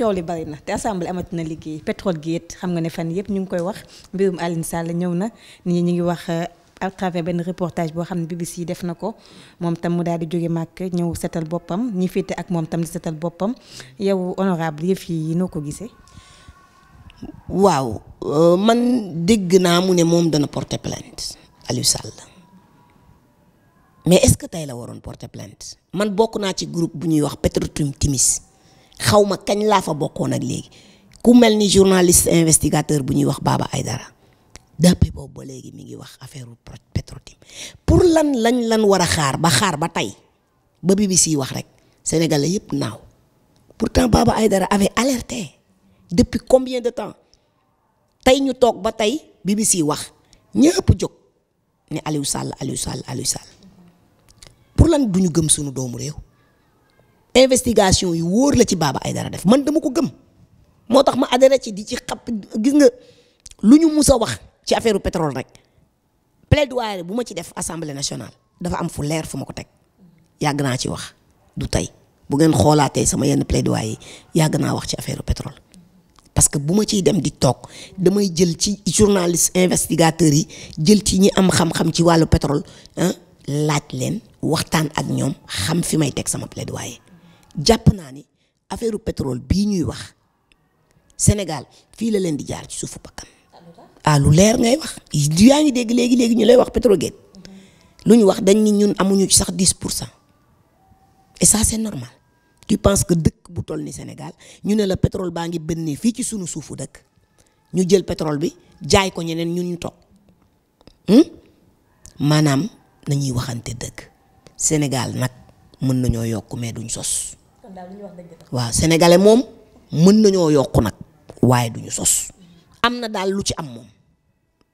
coow li bari na te assemblée amati na liggéey pétrole gi it xam nga ne fan yëpp ñu ngi koy wax mbirum Aline Sall ñëw na nit ñi ñu ngi wax euh, à travers benn reportage boo xam ne BBC def na ko moom tam mu daal di jóge màkk ñëw setal boppam ñi féete ak moom tam di setal boppam yow honorable yëf yi noo ko gisee. waaw euh, man dégg naa mu ne moom dana porter plainte Aliou Sall mais est-ce que tey la waroon porter plainte man bokk naa ci groupe bu ñuy wax Petrotim Timis. xaw ma kañ laa fa bokkoon ak léegi ku mel ni journaliste investigateur bu ñuy wax baaba Aydara depuis boobu ba léegi mi ngi wax affaire Petrotim pour lan lañ lan war a xaar ba xaar ba tey ba BBC wax rek sénégalais yépp naaw pour pourtant Baba Aydara avait alerté depuis combien de temps tey ñu toog ba tey BBC wax ñëpp jóg ne Aliou Sall Aliou Sall Aliou Sall pour lan duñu gëm sunu doomu réew. investigation yi wóor la ci ay dara def man dama ko gëm moo tax ma adhéré ci di ci xap gis lu ñu musa wax ci affaire pétrole rek plaidoyer bu ma ci def assemblée nationale dafa am fu leer fu ma ko teg yàgg naa ci wax du tey bu ngeen xoolaatee sama yenn plaidoyer yi yàgg naa wax ci affaire pétrole parce que bu ma ciy dem di toog damay jël ci journaliste investigateurs yi jël ci ñi am xam-xam ci wàllu pétrole laaj leen waxtaan ak ñoom xam fi may teg sama plaidoyer jàpp naa ni affaire pétrole bii ñuy wax Sénégal fii la leen di jaar ci suufu bakkan ah lu leer ngay wax yaa ngi dégg léegi léegi ñu lay wax Petroguet lu ñu wax dañ ni ñun amuñu ci sax pour cent et ça c'est normal tu penses que dëkk bu toll ni Sénégal ñu ne la pétrole baa ngi bënn fii ci sunu suufu dëkk ñu jël pétrole bi jaay ko ñeneen ñun ñu toog hmm? maanaam nañuy waxante dëgg Sénégal nag mën nañoo yokk mais duñ sos. waaw sénégalais moom mën nañoo yokku nag waaye duñu sos am na daal lu ci am moom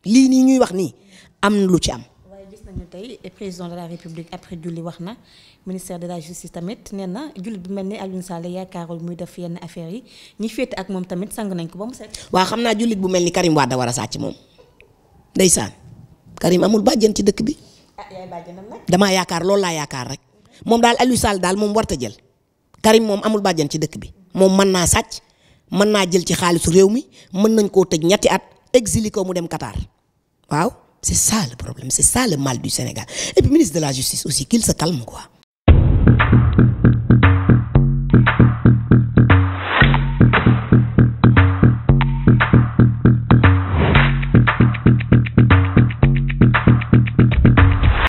lii nii ñuy wax nii am na lu ci am. waaye gis tey président de la république après julli wax na ministère de la justice tamit neen na jullit bu mel ni Alioune Sall yaakaarul muy def yenn affaires yi ñi féete ak moom tamit sang nañ ko ba mu set. waa xam naa jullit bu mel ni Karim waa war a sàcc moom ndeysaan Karim amul bàjjen ci dëkk bi. ah yaay damaa yaakaar loolu laa yaakaar rek moom daal Alioune Sall daal moom warta jël. Karim moom amul bàjjan ci dëkk bi moom mën naa sàcc mën naa jël ci xaalisu réew mi mën nañ koo tëj ñetti at exilé ko mu dem Qatar waaw c'est ça le problème c'est ça le mal du Sénégal et puis ministre de la justice aussi qu'il se calme quoi